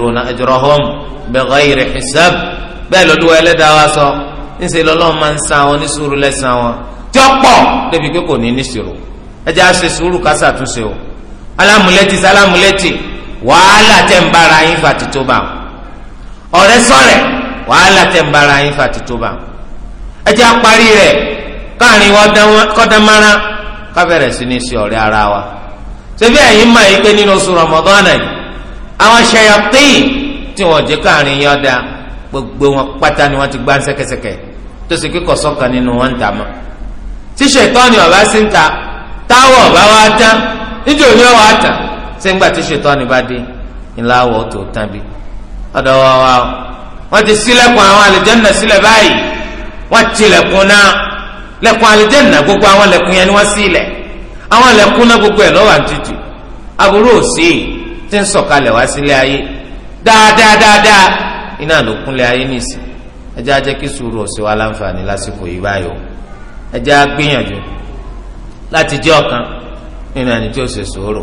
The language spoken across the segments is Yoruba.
yu'tuna ajrahum bighayri hisab bẹ́ẹ̀ lọ́dún ẹlẹ́dàá wa sọ ńṣe lọ́lọ́run máa ń san àwọn oníṣòro lẹ́sàn wọn tí ó pọ̀ débi pé kò ní níṣòro ẹjẹ́ àṣẹ sùúrù kásà túnṣe o alámúlétì sálámúlétì wàhálà tẹ̀ ń bára yín fà tító bá ọ̀rẹ́ sọ̀rẹ́ wàhálà tẹ̀ ń bára yín fà tító bá ẹjẹ́ àparí rẹ̀ káàrin kọ́dánmárán kábẹ̀rẹ̀ sí ní ṣe ara wa ṣé bí ẹ̀yin máa yí pé nínú oṣù Ramadan náà àwọn ṣayatin tí wọn jẹ káàrin yọ da gbogbo wọn pátá ni wọn ti gbá sẹkẹsẹkẹ tó sì kíkọ sọkàn nínú wọn ta mọ tí ṣètọ́ni ọba sí ń ta táwọn ọba wa tán níjẹ́ òní ọwọ́ àtàn sẹ́ńgbà tí ṣètọ́ni bá dé ńlá wọ́ tó tán bí ọ̀dọ̀ wa wa wọ́n ti ṣílẹ̀kùn àwọn àlùjànnà sílẹ̀ báyìí wọ́n tilẹ̀kùn náà lẹ̀kùn àlùjànnà gbogbo àwọn lẹ̀kùn yẹn ni wọ́n sílẹ̀ àwọn lẹ̀kùn náà gbogbo ẹ̀ lọ́wọ́ àtútù aburú ò sí tí ń sọ̀kalẹ̀ wá sílé ayé dáadáa dáadáa iná ló kúnlẹ̀ ayé nìsín ẹ jẹ́ kí sùúrù ó ṣe láǹfààní lásìkò yìí báyọ̀ gbìyànjú láti jẹ́ ọ̀kan nínú ẹni tí ó ṣe sùúrù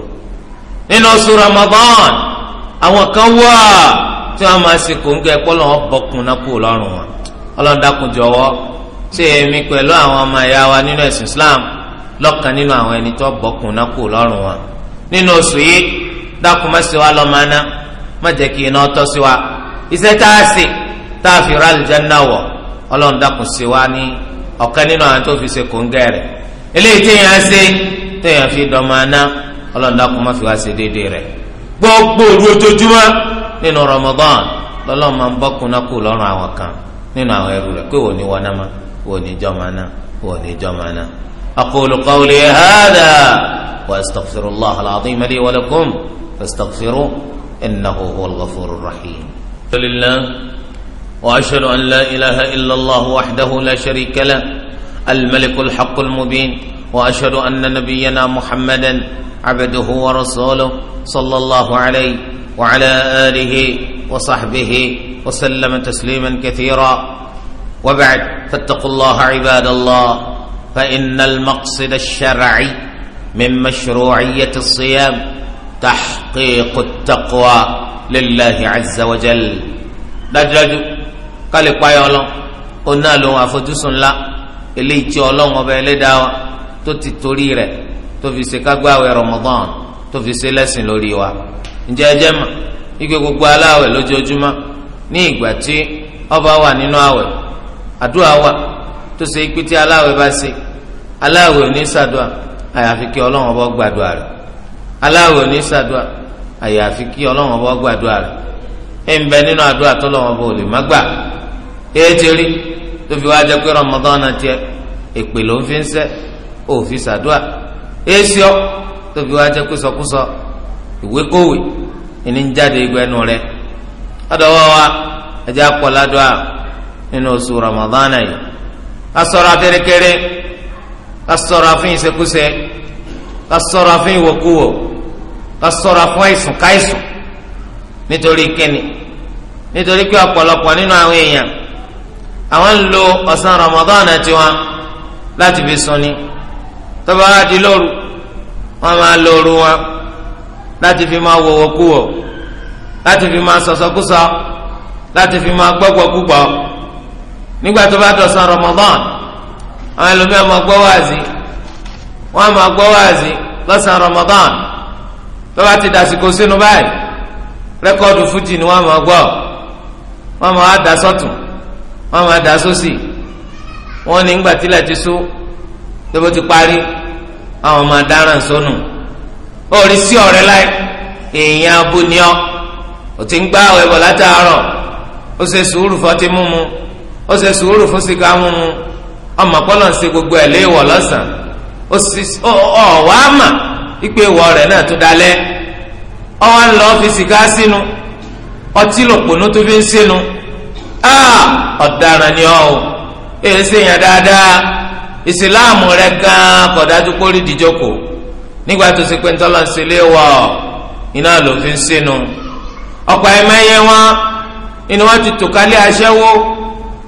nínú oṣù Ramadan àwọn kan tí wọ́n máa wa nínú ẹ̀sìn Islam lọ́kàn nínú àwọn ẹni tó bọ́kùn dákun má ṣe wa lọ máa ná má jẹ́ kí iná tọ́ sí wa iṣẹ́ tá a ṣe tá a fi ra àlùjánnà wọ̀ ọlọ́run dákun ṣe wa ní ọ̀kan nínú àwọn tó fi ṣe kòńgẹ́ rẹ̀ eléyìí téèyàn ṣe téèyàn fi dọ̀ máa ná ọlọ́run dákun má fi wá ṣe déédéé rẹ̀ gbogbo ojoojúmọ́ nínú Ramadan lọ́lọ́run máa ń bọ́kun náà kù lọ́rùn àwọn kan nínú àwọn ẹrù rẹ̀ pé wò wọ́n náà má ní jọ́ máa ná wò ní jọ́ máa ná. أقول قولي هذا وأستغفر الله العظيم لي ولكم فاستغفروه إنه هو الغفور الرحيم لله وأشهد أن لا إله إلا الله وحده لا شريك له الملك الحق المبين وأشهد أن نبينا محمدا عبده ورسوله صلى الله عليه وعلى آله وصحبه وسلم تسليما كثيرا وبعد فاتقوا الله عباد الله فإن المقصد الشرعي من مشروعية الصيام tahqiqu taqwa lillahi azza wa jal dájúdájú kálí payọ ọlọ oná ló ń àfojúsùn ńlá eléyìí tí Ọlọ́run ọba ẹlẹ́dàá wa tó ti torí rẹ̀ tó fi ṣe kágbáwé Ramadan tó fi ṣe lẹ́sìn lórí wa ǹjẹ́ ẹ jẹ́ mọ̀ ike gbogbo aláwẹ̀ lójoojúmọ́ ní ìgbà tí ọba wà nínú àwẹ̀ àdúrà aláwọ̀ ní sàdúà àyàfi kí ọlọ́run ọba gbàdúà rẹ̀ ẹ̀ ń bẹ nínú àdúà tó lọ́wọ́ ọba ò má gbà ẹ̀ ti rí tó fi wá jẹ́ pé Ramadan náà tiẹ̀ èpè ló ń fi ń sẹ́ sàdúà ẹ̀ tó fi wá jẹ́ pé sọkúsọ ìwé kówè ẹni ń jáde igbó ẹnu rẹ̀ ọ̀dọ̀wọ́ wa nínú oṣù náà yìí asọ̀rọ̀ asọ̀rọ̀ ká ṣọ́ra fún àìsàn káìsàn nítorí kíni nítorí pé ọ̀pọ̀lọpọ̀ nínú àwọn èèyàn àwọn ń lo ọ̀sán Ramadan tiwọn láti fi sùn ni tó bá wá di lóru wọn máa lo òru wọn láti fi máa wọ̀wọ̀ kúwọ̀ láti fi máa sọ̀sọ̀kúsọ láti fi máa gbọ́gbọ́ púpọ̀ nígbà tó bá dọ̀sán Ramadan àwọn ẹlòmíràn máa gbọ́ wáàzì wọn máa gbọ́ wáàzì lọ́sàn Ramadan. tọ́ba ti dàsìkò sínú báyìí rẹ́kọ́ọ̀dù fújì ni wọ́n máa gbọ́ wọ́n máa dà sọ́tún wọ́n máa dà sósì wọ́n ní ńgbà tílẹ̀ ti sú tóbi ti parí àwọn máa dáràn sónù orí sí ọ̀rẹ́ láì èèyàn ò ti ń gbá àwọn ẹ̀bọ̀ látàárọ̀ ó ṣe sùúrù ó ṣe sùúrù fún ọmọ ṣe gbogbo ẹ̀ léèwọ̀ lọ́sàn-án ó sì ọ̀ wá ipe ìwọ rẹ̀ náà tó dalẹ̀ ọwọ́ ń lọ fi sìgá sínú ọtí lòpònú tó fi ń sínú ah! ọ̀daràn ni ọ́ o èyí sèyàn dáadáa ìsìláàmù rẹ̀ gan kò dájú kó rí ìdíjókòó nígbà tó ṣe pé ntọ́lọ́ ń sílé wọ̀ iná ló fi ń sínú ọ̀pọ̀ ẹ̀mẹ́yẹ wọn inú wọn ti tò kálí aṣẹ́wó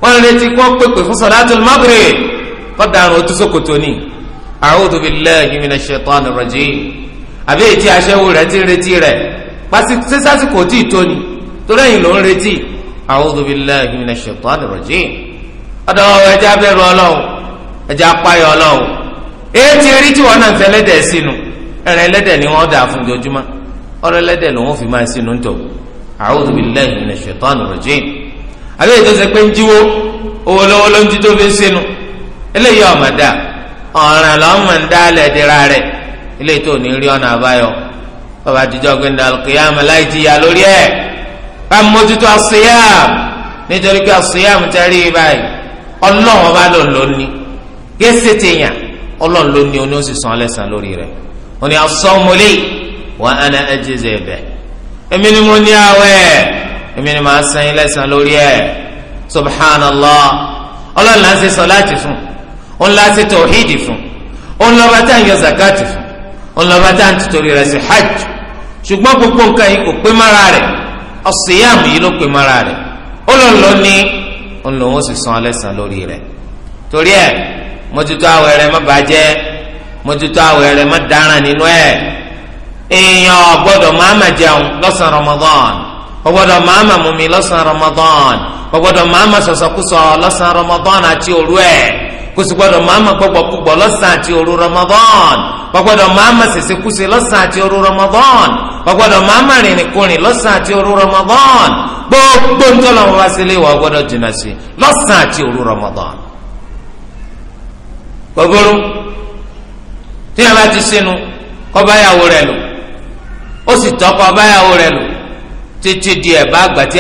wọn retí kó pèpè fún sọ̀dátùl mágríbì kọ́ daràn ó tún ni a'udhu billahi minash shaitanir rajim àbí ètí aṣẹ́wó rẹ̀ ti ń retí rẹ̀ sásìkò tí ì tóni torí ẹ̀yìn ló ń retí a'udhu billahi minash shaitanir rajim ọ̀dọ̀ ẹja bẹ̀rù ọlọ́run ẹja apáyọ ọlọ́run èyí ti rí tí wọn náà ń fẹ́ lẹ́dẹ̀ẹ́ sínú ẹ̀rẹ̀ lẹ́dẹ̀ ni wọ́n dà fún jọjúmọ́ ọ̀rẹ́ lẹ́dẹ̀ ló wọ́n fi máa sínú tó a'udhu billahi minash shaitanir rajim àbí ètò ìsẹ̀pẹ́ ń jíwó owó lọ́wọ́ ló ń jí tó fi sínú eléyìí ọ̀mọ̀dá ọ̀ràn lọ́mọ dálẹ̀ dira rẹ̀ ilé tó ní rí ọ̀nà àbáyọ bàbá àtijọ́ láì lórí ẹ̀ bá mójútó nítorí pé báyìí ọlọ́run ọba ló ní gẹ́sẹ̀ tèèyàn ọlọ́run ló ní oní ó sì lẹ́sàn lórí rẹ̀ ó ní wọn wa ana ajzi èmi ni mo ní àwẹ̀ èmi ni màá san lẹ́sàn lórí ẹ̀ subhanallah ọlọ́run sọ láti fún un. òun la ṣe tọ̀hídì fún òun lọ́ba tá à ń yọ zakati fún òun lọ́ba tá à ń tìtorí rẹ̀ sí hajj ṣùgbọ́n gbogbo nǹkan yìí kò pé mára rẹ̀ ọ̀sìyàmù yìí ló pé mára rẹ̀ ó lọ lọ ní òun lòun ó sì san ẹlẹ́sàn lórí rẹ̀ torí ẹ̀ mójútó àwẹ̀ rẹ̀ má bàjẹ́ mójútó àwẹ̀ rẹ̀ má dáràn nínú ẹ̀ èèyàn ọ̀gbọ́dọ̀ máàmà jẹun lọ́sàn Ramadan ọ̀gbọ́dọ̀ máàmà mumi lọ́sàn Ramadan ọ̀gbọ́dọ̀ máàmà sọ̀sọ̀kúsọ lọ́sàn Ramadan àti òru ẹ̀ kò sì gbọdọ̀ màmá gbọgbọ kúgbọ lọ́sàn àti òru Ramadan kò gbọdọ̀ màmá sèse kúse lọ́sàn àti òru Ramadan kò gbọdọ̀ màmá rìnrìnkùnrin lọ́sàn àti òru Ramadan gbogbo ntọ́lọ́wọ́ wá sílé wà gbọdọ̀ jìnnà sí lọ́sàn àti òru Ramadan. gbogbo tí a bá ti sínú kọ́ báyàwó rẹ̀ lò ó sì tọ́kọ báyàwó rẹ̀ lò títí di bá àgbà tí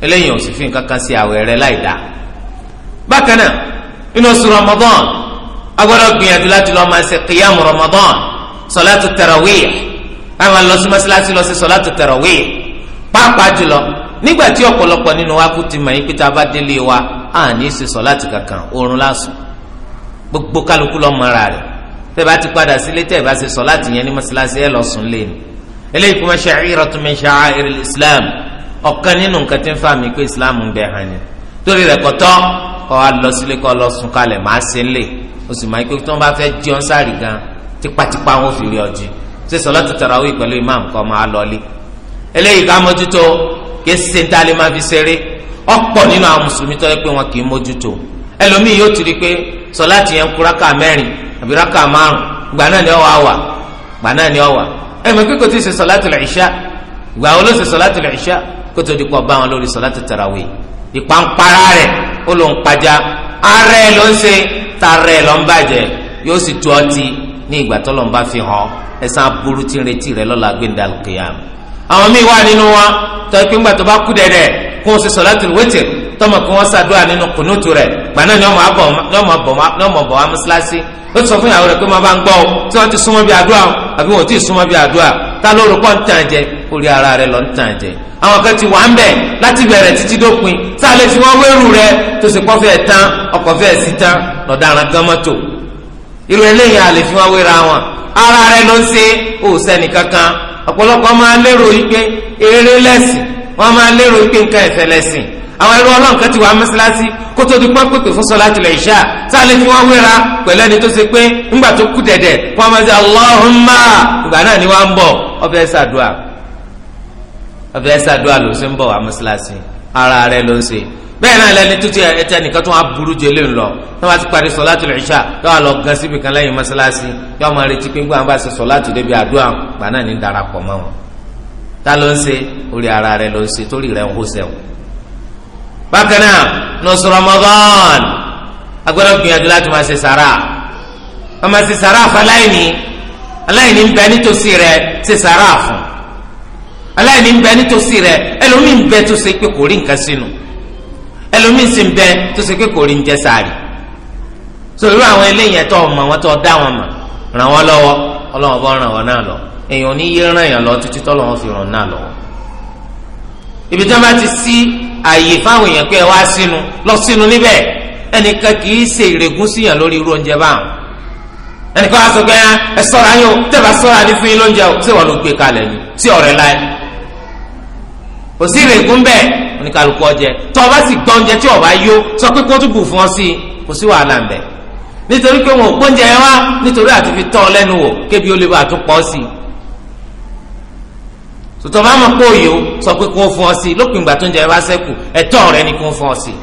eléyìí ò sì fi nǹkan kan sí àwẹ̀ rẹ láì dá bákan náà inú oṣù ramadan a gbọ́dọ̀ gbìyànjú láti lọ máa ṣe qiyam ramadan sọlátù tarawih káwọn lọ sí mọ́sálásí lọ sí sọlátù tarawih pàápàá jùlọ nígbà tí ọ̀pọ̀lọpọ̀ nínú wa kú ti mọ̀ yín pé tá a bá délé wa a ní í ṣe sọláàtì kankan oorun lásùn gbogbo kálukú lọ mọ́ra rẹ̀ tẹ́ bá ti padà sílé tẹ́ bá ṣe sọláàtì yẹn ní mọ́sálásí ẹ̀ lọ sùn eléyìí ọ̀kan nínú nǹkan tí ń fa mi pé islam ń bẹ hàn ni torí rẹ̀ kọ́tọ́ kọ́ wa lọ sílé kọ́ lọ sùn kalẹ̀ máa ṣe ń lè o sì máa pé tí wọ́n bá fẹ́ jí ọ́n sáré gan tipátipá wọn fi rí ọjì ṣé sọlọ́tù tarawih pẹ̀lú imam kọ́ máa lọlé eléyìí ká mójútó kí ṣe ń dálé máa fi ṣeré ọ̀pọ̀ nínú àwọn mùsùlùmí tó yẹ pé wọn kì í mójútó ẹlòmíì yóò ti rí pé sọláàtì yẹn kú rákà mẹ́rin àbí rákà márùn gbà náà ni ọwà wà gbà náà ni ọwà ẹ̀mí kíkò tí ì ṣe sọláàtì lẹ̀ ìṣá gbà wo ló ṣe sọláàtì lẹ̀ ìṣá kó tó di kó bá wọn lórí sọlá tàràwì ìpàǹpara rẹ̀ ó ló ń pàjá ara ẹ̀ ló ń ṣe tara ẹ̀ ló ń bàjẹ́ yóò sì tu ọtí ní ìgbà tó lọ́n bá fi hàn ẹ̀san aburú tí retí rẹ̀ lọ́la gbẹ̀ndà kìyàm. àwọn míì wà nínú wọn tó ẹ pé ńgbà tó bá kú dẹ̀dẹ̀ kó o ṣe sọlá tó tọmọ kí wọ́n ṣàdúrà nínú kùnúùtù rẹ̀ gbaná ni ọmọ bọ̀ wá mọ́ṣáláṣí ó sọ fún ìyàwó rẹ̀ pé máa bá ń gbọ́ ọ tí wọ́n ti súnmọ́ bí àdúrà àbí wọ́n ti súnmọ́ bí àdúrà ta ló rò pọ̀ ń tàn jẹ orí ara rẹ̀ lọ ń tàn jẹ àwọn kan ti wà ń bẹ̀ láti bẹ̀rẹ̀ títí dópin tá a lè fi wọ́n wéru rẹ tó sì kọ́fẹ́ tán ọkọ̀ fẹ́ sí tán lọ́daràn kan mọ́tò irú eléyìí a lè fi wọ́n wéra wọn ara rẹ ló ń ṣe ó sẹ́ni kankan ọ̀pọ̀lọpọ̀ máa lérò yìí pé eré lẹ́sìn wọ́n máa lérò yìí pé nǹkan ẹ̀fẹ́ lẹ́sìn àwọn ẹrú ọlọ́run kan ti wà mọ́sálásí kó tó di pọ́npẹ́pẹ́ fún sọ́láàtì lè ṣá tá a lè fi wọ́n wéra pẹ̀lú ẹni tó ṣe pé ńgbà tó kú dẹ̀dẹ̀ wọ́n máa ṣe Allahumma ìgbà náà ni wọ́n á ń bọ̀ ọbẹ̀ ṣàdúrà ọfẹ ṣàdúrà ló ṣe ń bọ̀ wá ara rẹ̀ ló ń ṣe bẹ́ẹ̀ náà lẹni tuntun ẹtẹ nìkan tó wọn aburú jẹ lóun náà wọn ti parí sọláàtì lẹṣà yọ wà gan síbi kan lẹ́yìn mọ́ṣáláṣí yọ máa retí pé gbọ́n bá ṣe sọláàtì débi àdúrà gbà náà ní darapọ̀ mọ́ wọn ta ló ń ṣe orí ara rẹ̀ ló ń ṣe torí rẹ̀ ń hó sẹ́wọ̀n. bákan náà nọ́ọ̀sì Ramadan agbọ́dọ̀ gbìyànjú láti máa ṣe sàrà máa ṣe sàrà fún aláìní aláìní ń bẹ nítòsí rẹ̀ ṣe sàrà fún aláìní ń bẹ nítòsí rẹ̀ ẹlòmíì ń bẹ tó ṣe pé kò rí nǹkan sínú ẹlòmíì sì ń bẹ tó ṣe pé kò rí ń jẹ so irú àwọn eléyìí ẹtọ ọmọ wọn tó dá wọn mọ̀ ràn wọn lọ́wọ́ Ọlọ́run bọ ràn wọn náà lọ èèyàn ní yé ràn yàn lọ títí tọlọ́run fi ràn náà lọ́wọ́ ibi tí wọn bá ti sí ààyè fáwọn èèyàn pé ẹ wá sínú lọ sínú níbẹ̀ ẹnìkan kì í ṣe ìrègùn síyàn lórí irú oúnjẹ báwọn ẹnìkan wá sọ pé ah, ẹ ṣọ́ra yín o tẹbà ṣọ́ra ní fún yín lóúnjẹ o ṣé wọn ló gbé kalẹ̀ ni sí ọ̀rẹ́ láyé kò sí ìrègùn bẹ́ẹ̀ oníkàlùkù ọjẹ tó o bá sì gbọ́ oúnjẹ tí o bá yó sọ pé kó tún bù fún ọ sí i kò sí wàhálà ńbẹ nítorí pé wọn ò gbóúnjẹ yẹn wá nítorí àti fi tọ́ ọ lẹ́nu wò kébi ó lè bá a tún sí i tòtò bá mọ̀ pé òye o sọ pé kó fún ọ sí i lópin ìgbà tó ń jẹ bá sẹ́kù ẹ̀tọ́ rẹ ni kó fún ọ sí i.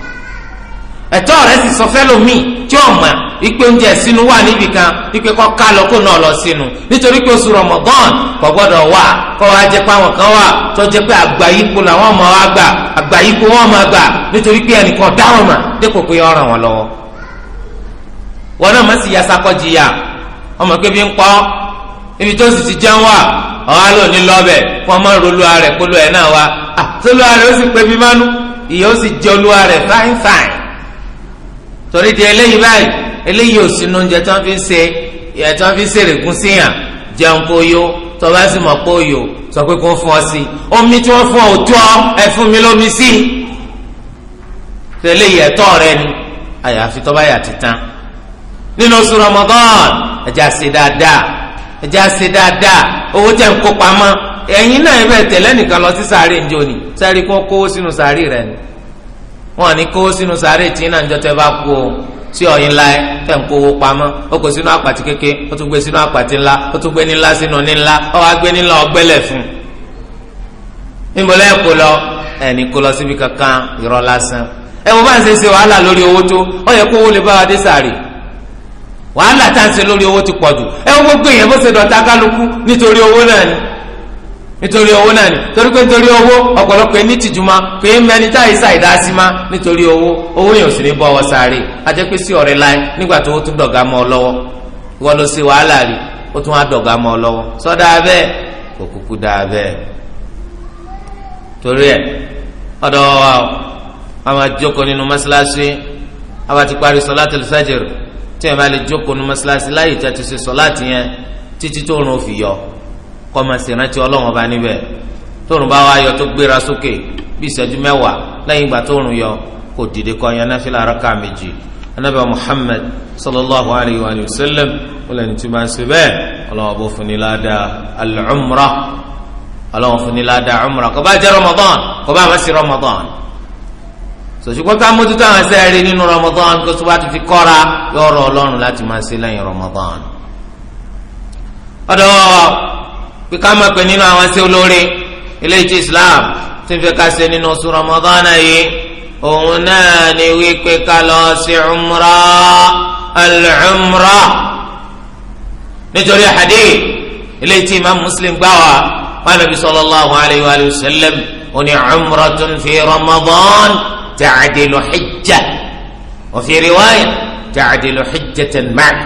ẹ̀tọ́ rẹ̀ sì sọ fẹ́lòmíì tí ó mọ̀ ìpè oúnjẹ sínú wà níbi kan ìpè kọ́ ká lọ náà lọ sínú nítorí pé oṣù kò wà wa jẹ́ pé àwọn kan wà tó pé làwọn ọmọ wa gbà wọn máa gbà nítorí pé ẹnìkan dáhùn mà pé ràn wọn lọ́wọ́. wọn náà má sì ya sakọ́jì ya ń ibi tó wa ah, ó sì pé ìyẹn ó sì torí di eléyìí báyìí eléyìí ò sínú oúnjẹ tí wọ́n fi ń ṣe ẹ̀ tí wọ́n fi ń ṣèrègùn síyàn jẹun kó yó tọ́ba sì mọ̀ pé òyò sọ pé kó fún ọ sí omi tí wọ́n fún ọ tó ẹ fún mi lómi sí i tẹ̀lé ìyẹ̀tọ́ rẹ ni àyàfi tọ́ba yà ti tán nínú oṣù Ramadan ẹja ṣe dáadáa ẹja ṣe dáadáa owó tẹ̀ ń kó pamọ́ ẹ̀yin náà ẹ bẹ̀ tẹ̀lé nìkan lọ sí sàárè ńjọ ni sáré kó kówó sínú sàárè rẹ ni. wọn ni kó sínú sáré tí náà njọ́ tẹ́ bá kú o sí ọ̀yin ńlá ẹ tẹ̀ ń kówó pamọ́ ó kò sínú àpàtì kéke ó tún gbé sínú àpàtì ńlá ó tún gbé nílá sínú nílá ó wá gbé nílá ọgbẹ́lẹ̀ fún un níbo lẹ́yìn kó lọ ẹni kó lọ síbi kankan owó tó ó yẹ kó owó lè bá wa dé wàhálà owó ti pọ̀ jù ẹ wọ́n bó ṣe nítorí owó náà ni torí pé nítorí owó ọ̀pọ̀lọpọ̀ ẹni tìjú ma pé ń mẹni tá àìsàn ìdásí ma nítorí owó owó yẹn ò sì ní bọ́ ọ sáré ajẹ́ pé sí ọ̀rẹ́ láì nígbà tó o tún dọ̀gá mọ́ ọ lọ́wọ́ ìwọ ló ṣe wàhálà rí o tún á dọ̀gá mọ́ ọ lọ́wọ́ sọ́dà abẹ́ kò kúkú dà abẹ́ torí ẹ̀ ọ̀dọ̀ wa a máa jókòó nínú mọ́ṣáláṣí a bá ti parí sọláàtì kọ́ máa sì rántí ọlọ́run ọba níbẹ̀ tóòrùn bá wá yọ tó gbéra sókè bí ìṣẹ́jú mẹ́wàá lẹ́yìn ìgbà tóòrùn yọ kò dìde kọ́ yan náfìlà rákà méjì anabi muhammed sallallahu alayhi wa sallam wọ́n lẹ́ni tí máa ń ṣe bẹ́ẹ̀ ọlọ́run bó fún ni ládàá al-umra ọlọ́run fún ni ládàá umra kò bá jẹ́ ramadan kò bá má sí ramadan sòṣùgbọ́n ká mójútó àwọn ẹsẹ̀ rí nínú ramadan kó tó bá ti fi kọ́ra yọ̀ọ̀rọ̀ ọlọ́run pé ká máa pè nínú àwọn ṣe olóore eléyìí tí islam ti fẹ́ ká ṣe nínú oṣù ramadan yìí òun náà ni wípé ká lọ sí umra al-umra nítorí hadith eléyìí tí imam muslim gbà wá wọn nàbí sallallahu alayhi wa sallam oní umratun fi ramadan ta'dilu hijja wa fi riwaya ta'dilu hijjatan ma'a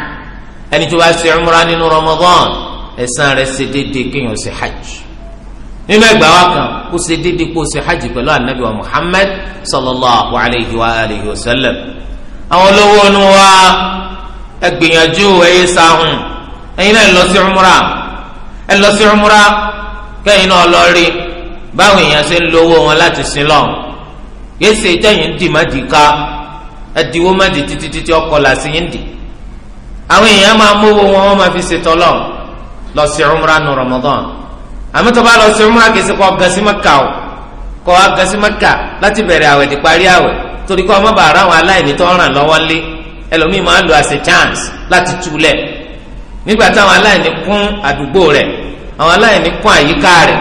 ẹni tó bá ṣe umra nínú ramadan ẹ̀san rẹ̀ ṣe déédéé kéèyàn ṣe hajj nínú ẹgbàá wa kan kó ṣe déédéé kó ṣe hajj pẹ̀lú anabi wa muhammad sallallahu alayhi wa alayhi wa sallam àwọn olówó inú wa ẹ gbìyànjú ẹyẹ sáhùn ẹ̀yin náà lọ sí umra ẹ lọ sí umra kẹ́yìn náà lọ rí báwọn èèyàn ṣe ń lówó wọn láti sin lọ yéé ṣe ìjẹyìn dìmadì ká ẹdínwó má di títí títí ọkọ làásì dì àwọn èèyàn máa mówó wọn wọn máa fi ṣètò Ọlọ́run lọ sí umra nu Ramadan àmọ́ tó bá lọ sí umra kìí ṣe kọ́ gasi maka o kọ́ gasi maka láti bẹ̀rẹ̀ àwẹ̀ ti parí àwẹ̀ torí kọ́ ọmọ bàárà àwọn aláìní tó ń ràn lọ́wọ́ lé ẹlòmíì máa ń lo as a chance láti túlẹ̀ nígbà táwọn aláìní kún àdúgbò rẹ̀ àwọn aláìní kún àyíká rẹ̀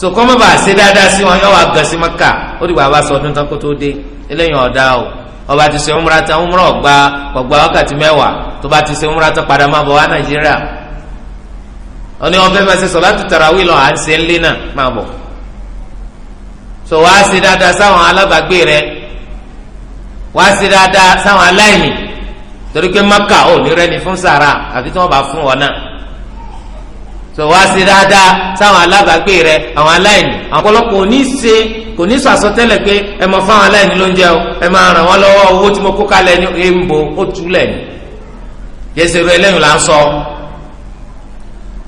so kọ́ ọmọ bàá ṣe dáadáa sí wọn yọ wá gasi maka ó dìgbà wá sọ ọdún tán kó tó dé eléyìí ọ̀dà o ọba ti ṣe umra tán umra ọgbà ọgbà wákàtí mẹ́wàá tó bá ti ṣe umra tán padà má bọ̀ wá Nàìjíríà wọ́n ní wọ́n fẹ́ máa ṣe sọ̀látù tàràwí lọ à ń ṣe ńlẹ́ náà máa bọ̀ so wàá ṣe dáadáa sáwọn alábàágbé rẹ wàá ṣe dáadáa sáwọn aláìní torí pé maka ò ní rẹ́ni fún sàrà àfi tí wọ́n bá fún wọn náà so wàá ṣe dáadáa sáwọn alábàágbé rẹ àwọn aláìní àwọn ọ̀pọ̀lọpọ̀ ò ní ṣe kò ní sàṣọ tẹ́lẹ̀ pé ẹ máa fáwọn aláìní lóúnjẹ o ẹ máa ràn wọ́n lọ́wọ́ owó tí mo kó kalẹ̀ ní èèmbo ó túlẹ̀ ní yẹsẹ̀ rẹ là ń sọ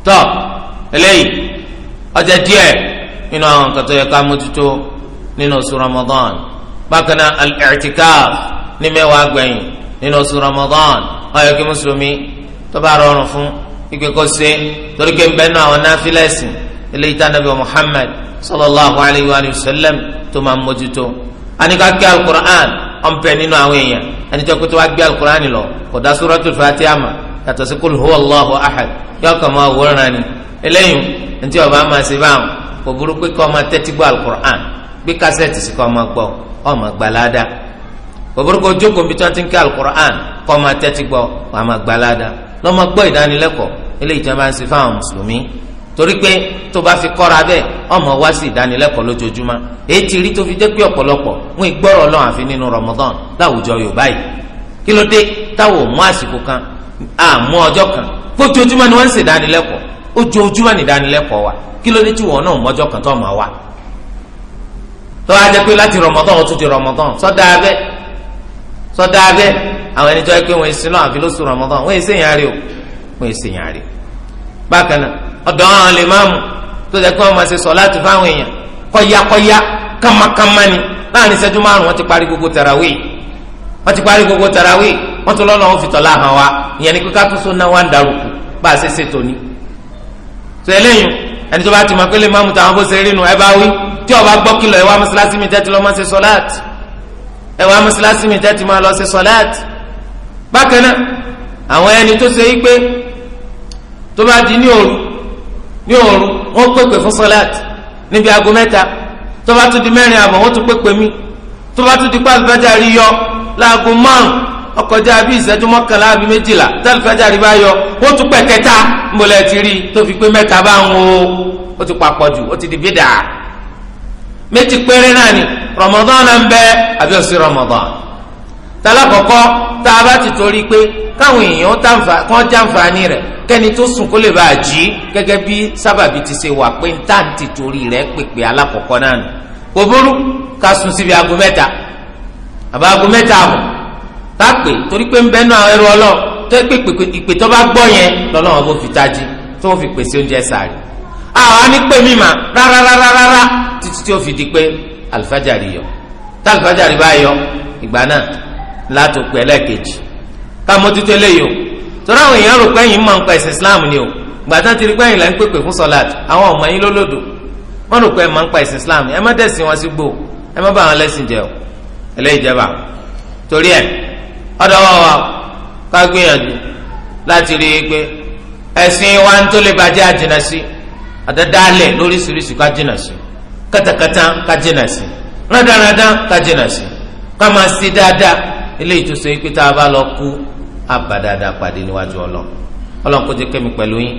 tọ́ eléyìí ọjọ́ díẹ̀ nínú àwọn nǹkan tó yẹ ká mójútó nínú oṣù Ramadan bákan náà al-i'tikaf ní mẹ́wàá gbẹ̀yìn nínú oṣù Ramadan ó yẹ kí mùsùlùmí tó bá rọrùn fún ikpe kó ṣe torí pé nbẹ náà àwọn náfìlẹ́sì eléyìí tá nàbẹ Muhammad sallallahu alayhi wa sallam tó máa mójútó anika kí alukur'an ọ̀npẹ nínú àwọn èèyàn ẹni tó kó tó wá gbé alukur'an lọ kò dá suratul Fatiha mà yàtọ̀ sí kul huwa Allahu ahad yọ kàn máa wòran ni eléyìí ntí ọba máa ṣe báwọn kò burú pé kọ́ máa tẹ́tí gbọ́ alukur'an gbé kásẹ̀tì sí kọ́ máa gbọ́ ọ máa gbà láda kò burú kó jókòó bí tí wọ́n ti ń kí alukur'an kọ́ máa tẹ́tí gbọ́ ọ máa gbà láda lọ́ máa gbọ́ ìdánilẹ́kọ̀ọ́ eléyìí tí wọ́n bá ń ṣe fáwọn mùsùlùmí torí pé tó bá fi kọ́ra bẹ́ẹ̀ ọmọ wá sí ìdánilẹ́kọ̀ọ́ lójoojúmọ́ èyí ti rí tó fi jẹ́ pé ọ̀pọ̀lọpọ̀ wọn ìgbọ́rọ̀ ọlọ́run àfi nínú Ramadan láwùjọ Yorùbá yìí kí ló dé táwọn ò mú àsìkò kan àmọ́ ọjọ́ kan fojoojúmọ́ ni wọ́n ń ṣe ìdánilẹ́kọ̀ọ́ ojoojúmọ́ ni ìdánilẹ́kọ̀ọ́ wa kí ló dé tí wọ́n náà mọ́jọ́ kan tó máa wá tó a jẹ pé láti Ramadan ọtún ti Ramadan sọdá abẹ sọdá abẹ àwọn ẹni tó yẹ pé wọ́n èsì náà àfi lóṣù Ramadan wọ́n èsì yàn o wọ́n èsì yàn rí bákan náà ọ̀dọ̀ àwọn lè máa mú tó jẹ pé wọ́n máa ṣe sọ láti fáwọn èèyàn kọyakọya kámakámá ni láàrin ìṣẹ́jú márùn-ún wọ́n ti parí gbogbo tarawih wọ́n ti parí gbogbo tarawih wọ́n tún lọ́nà ó fi tọ́lá wa ìyẹn ni kíkà tó sọ́nà wa ń darúkú bá a ṣe ṣe tòní. sọ eléyìí ẹni tó bá ti mọ̀ pé lè má mu tàwọn bó ṣe rí nu ẹ bá wí tí ọba gbọ́ kìlọ̀ ẹ wá mọ́sálásí mi tẹ́tí lọ́ máa ṣe sọ́láàtì ẹ wá mọ́sálásí mi tẹ́tí máa lọ ṣe sọ́láàtì. bákan náà àwọn ẹni tó ṣe yí tó bá di ní òru ní òru wọ́n pèpè fún sọ́láàtì níbi aago mẹ́ta tó bá tún di mẹ́rin àbọ̀ wọ́n tún pèpè mí tó bá tún di pàṣípàjà rí yọ láago márùn ọkọjá bí ìṣẹ́jú mọ́kànlá àbí méjìlá táàlì fájàrí bá yọ ó tún pẹ̀ kẹta ńbọ̀lẹ̀ ti rí tó fi pé mẹ́ta bá ń wo ó ti papọ̀ jù ó ti di bídà méjì péré náà ni Ramadan náà ń bẹ àbí ọ̀sìn Ramadan tàlákọ̀kọ́ tá a bá ti torí pé káwọn èèyàn kan jàǹfààní rẹ̀ kẹ́ni tó sùn kó lè bá a jí gẹ́gẹ́ bí sábàbí ti ṣe wà pé ń tàǹtì torí rẹ̀ pèpè alákọ̀ọ́kọ́ náà nù kò ká sùn síbi aago mẹ́ta àbá aago mẹ́ta àbọ̀ tá a pè torí pé ń bẹ náà ẹrú ọlọ tó pé ìpè tó bá gbọ́ yẹn lọ́lọ́wọ́n bó fi tají tó wọ́n fi pèsè oúnjẹ sààrì àwọn anípè mímà rárárárárá títí tí ó fi di pé àlùfájàrí yọ tá àlùfájàrí bá yọ ìgbà náà látò pé ẹlẹ́ẹ̀kejì ká mójútó eléyìí o torí àwọn èèyàn rò pé ẹ̀yin máa ń pa ẹ̀sìn Islam ni o gbàtà ti rí pé ẹ̀yin là ń pèpè fún sọ́láàtì àwọn ọmọ yín lólòdò wọ́n rò pé ẹ̀ máa ń ẹ̀sìn Islam ẹ má dẹ̀sìn wọn sí gbò ẹ má bá àwọn lẹ́sìn jẹ o eléyìí jẹba torí ẹ̀ ọdọwọ wa ká gbìyànjú láti rí i pé ẹ̀sìn wa ń tó lè bàjẹ́ àjìnà sí àdádálẹ̀ lóríṣiríṣi ká jìnà sí kátàkátà ká jìnà sí rádaràdá ká jìnà sí ká máa sí dáadáa eléyìí tó ṣe pé tá a bá lọ kú àbàdàdà pàdé níwájú ọlọ ọlọ́run kó jẹ́ kẹ́mi pẹ̀lú yín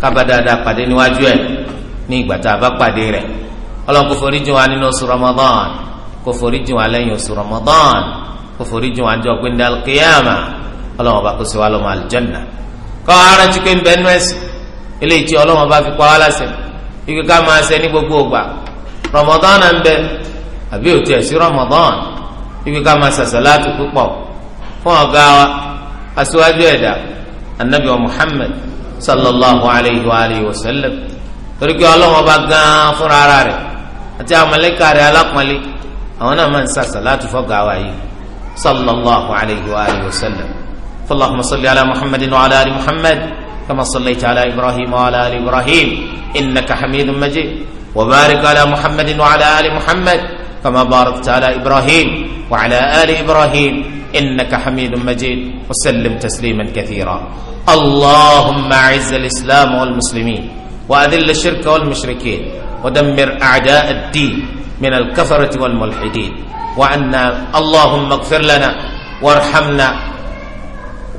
kábàdàdà pàdé níwájú ẹ̀ ní ìgbà tá a bá pàdé rẹ̀ ọlọ́run kó forí jìn wá nínú oṣù Ramadan kó forí jìn wá lẹ́yìn oṣù Ramadan kó forí jìn wá jọ pé ní alkiyama ọlọ́wọ́n bá kó sí wa lọ́mọ aljanna kọ́ ara ti pé ń bẹ nú ẹ̀sìn eléyìí tí ọlọ́wọ́n bá fi pa wá lásẹ̀ ike ká máa ṣe ní gbogbo ògbà Ramadan ń bẹ àbí òtí ẹ̀ sí Ramadan ike ká máa ṣàṣà láti púpọ̀ fún ọ̀gá wa aṣíwájú ẹ̀dá anabi wa Muhammad sallallahu alayhi wa alayhi wa sallam torí pé bá gán fúnra ara rẹ̀ àti àwọn màláíkà àwọn náà máa ń ṣàṣà láti fọ́gà wa yìí. صلى الله عليه واله وسلم فاللهم صل على محمد وعلى ال محمد كما صليت على ابراهيم وعلى ال ابراهيم انك حميد مجيد وبارك على محمد وعلى ال محمد كما باركت على ابراهيم وعلى ال ابراهيم انك حميد مجيد وسلم تسليما كثيرا اللهم اعز الاسلام والمسلمين واذل الشرك والمشركين ودمر اعداء الدين من الكفره والملحدين وعنا اللهم اغفر لنا وارحمنا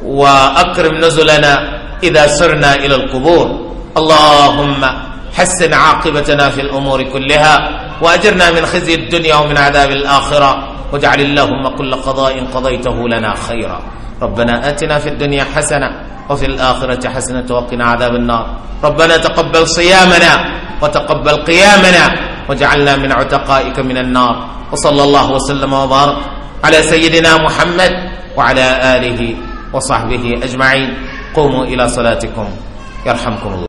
وأكرم نزلنا إذا سرنا إلى القبور اللهم حسن عاقبتنا في الأمور كلها وأجرنا من خزي الدنيا ومن عذاب الآخرة واجعل اللهم كل قضاء قضيته لنا خيرا ربنا آتنا في الدنيا حسنة وفي الآخرة حسنة وقنا عذاب النار ربنا تقبل صيامنا وتقبل قيامنا واجعلنا من عتقائك من النار وصلى الله وسلم وبارك على سيدنا محمد وعلى آله وصحبه أجمعين قوموا إلى صلاتكم يرحمكم الله